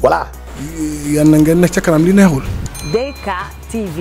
voilà. yal na ngeen nekk ca kanam li neexul. DK TV.